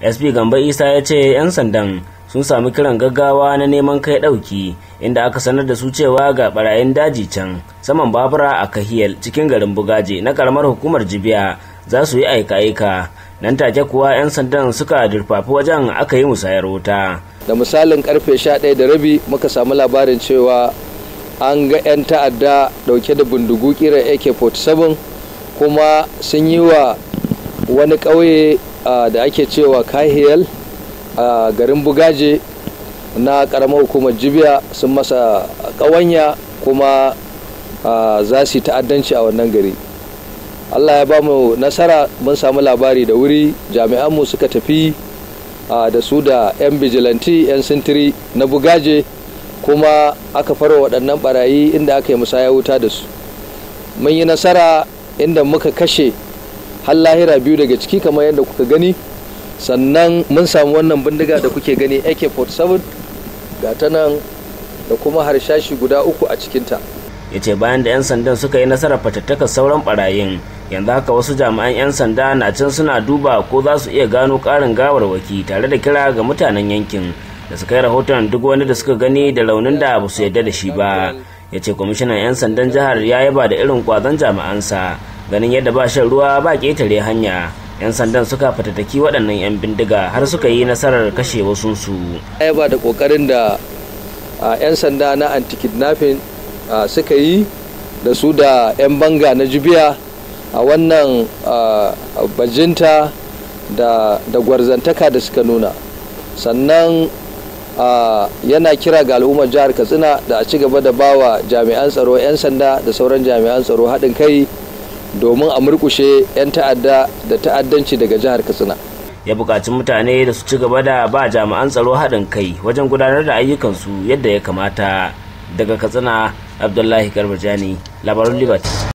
sp Gambo isa ya ce 'yan sandan sun samu kiran gaggawa na neman kai ɗauki inda aka sanar da su cewa ga barayin daji can saman babura a kahiyal cikin garin bugaje na karamar hukumar jibiya za su yi aika-aika nan take kuwa 'yan sandan suka durfafi wajen aka yi musayar wuta da misalin karfe 11 da rabi muka samu labarin cewa an ga 'yan ta'adda dauke da bindigu kira ak-47 kuma sun yi wa wani ƙauye da ake cewa kahiyal a garin bugaje na ƙaramar hukumar jibiya sun masa ƙawanya kuma za su ta'addanci a wannan gari allah ya ba mu nasara mun samu labari da wuri jami'anmu suka tafi da su da 'yan bijilanti 'yan sintiri na bugaje kuma aka fara waɗannan barayi inda aka yi musaya wuta da su mun yi nasara inda muka kashe har lahira biyu daga ciki kamar yadda kuka gani sannan mun samu wannan bindiga da kuke gani ak-47 ga ta nan da kuma harshashi guda uku a cikinta ya ce bayan da 'yan sandan suka yi nasarar fatattakar sauran barayin yanzu haka wasu jami'an 'yan sanda na can suna duba ko za su iya gano karin gawarwaki tare da kira ga mutanen yankin da suka yi rahoton duk wani da suka gani da launin da ba su yarda da shi ba ya ce kwamishinan 'yan sandan jihar ya yaba da irin kwazon jami'ansa ganin yadda ba shan ruwa ba ketare hanya 'yan sandan suka fatattaki waɗannan 'yan bindiga har suka yi nasarar kashe wasu su ba da ƙoƙarin da 'yan sanda na anti-kidnapping suka yi da su da 'yan banga na jibiya a wannan bajinta da gwarzantaka da suka nuna sannan yana kira ga al'ummar jihar katsina da a ci gaba da bawa jami'an tsaro 'yan sanda da sauran jami'an tsaro haɗin kai domin a murkushe 'yan ta'adda da ta'addanci daga jihar katsina ya bukaci mutane da su ci gaba da ba jami'an tsaro haɗin kai wajen gudanar da ayyukansu yadda ya kamata daga katsina abdullahi garbajani labarin liberty